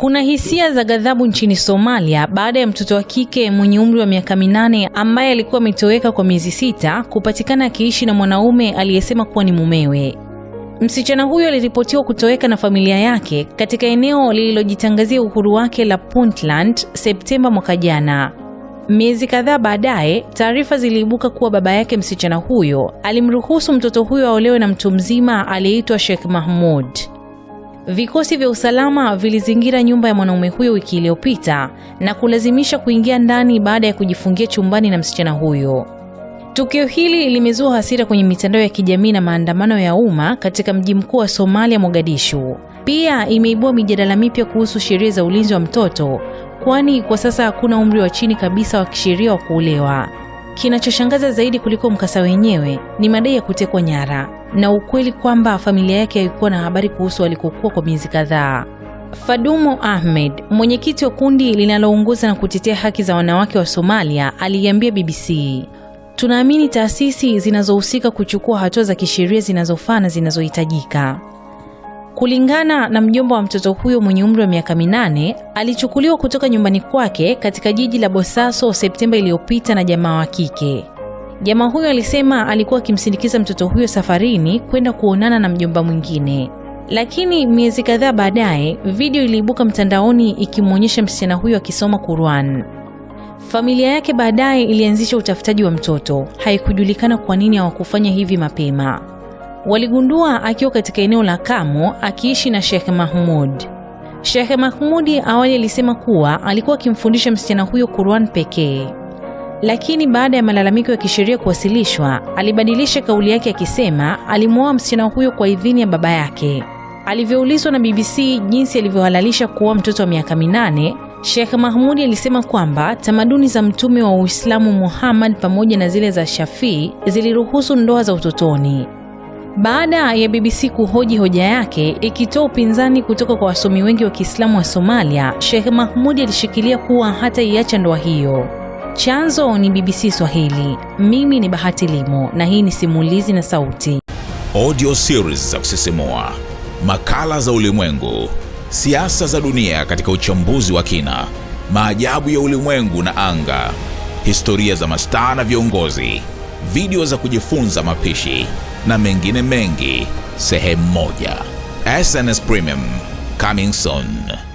Kuna hisia za ghadhabu nchini Somalia baada ya mtoto wa kike mwenye umri wa miaka minane ambaye alikuwa ametoweka kwa miezi sita kupatikana akiishi na mwanaume aliyesema kuwa ni mumewe. Msichana huyo aliripotiwa kutoweka na familia yake katika eneo lililojitangazia uhuru wake la Puntland Septemba mwaka jana. Miezi kadhaa baadaye, taarifa ziliibuka kuwa baba yake msichana huyo alimruhusu mtoto huyo aolewe na mtu mzima aliyeitwa Sheikh Mahmud. Vikosi vya usalama vilizingira nyumba ya mwanaume huyo wiki iliyopita na kulazimisha kuingia ndani baada ya kujifungia chumbani na msichana huyo. Tukio hili limezua hasira kwenye mitandao ya kijamii na maandamano ya umma katika mji mkuu wa Somalia, Mogadishu. Pia imeibua mijadala mipya kuhusu sheria za ulinzi wa mtoto, kwani kwa sasa hakuna umri wa chini kabisa wa kisheria wa kuolewa. Kinachoshangaza zaidi kuliko mkasa wenyewe ni madai ya kutekwa nyara na ukweli kwamba familia yake haikuwa na habari kuhusu alikokuwa kwa miezi kadhaa. Fadumo Ahmed, mwenyekiti wa kundi linaloongoza na kutetea haki za wanawake wa Somalia, aliiambia BBC, tunaamini taasisi zinazohusika kuchukua hatua za kisheria zinazofaa na zinazohitajika. Kulingana na mjomba wa mtoto huyo mwenye umri wa miaka minane, alichukuliwa kutoka nyumbani kwake katika jiji la Bosaso Septemba iliyopita na jamaa wa kike. Jamaa huyo alisema alikuwa akimsindikiza mtoto huyo safarini kwenda kuonana na mjomba mwingine. Lakini miezi kadhaa baadaye, video iliibuka mtandaoni ikimwonyesha msichana huyo akisoma Qur'an. Familia yake baadaye ilianzisha utafutaji wa mtoto. Haikujulikana kwa nini hawakufanya hivi mapema. Waligundua akiwa katika eneo la Kamo akiishi na Sheikh Mahmud. Sheikh Mahmudi awali alisema kuwa alikuwa akimfundisha msichana huyo Qur'an pekee. Lakini baada ya malalamiko ya kisheria kuwasilishwa, alibadilisha kauli yake akisema alimwoa msichana huyo kwa idhini ya baba yake. Alivyoulizwa na BBC jinsi alivyohalalisha kuoa mtoto wa miaka minane, Sheikh Mahmudi alisema kwamba tamaduni za mtume wa Uislamu Muhammad pamoja na zile za Shafii ziliruhusu ndoa za utotoni. Baada ya BBC kuhoji hoja yake ikitoa upinzani kutoka kwa wasomi wengi wa Kiislamu wa Somalia, Sheikh Mahmudi alishikilia kuwa hata iacha ndoa hiyo. Chanzo ni BBC Swahili. Mimi ni Bahati Limo na hii ni Simulizi na Sauti. Audio series za kusisimua, makala za ulimwengu, siasa za dunia katika uchambuzi wa kina, maajabu ya ulimwengu na anga, historia za mastaa na viongozi, video za kujifunza mapishi na mengine mengi, sehemu moja. SNS Premium coming soon.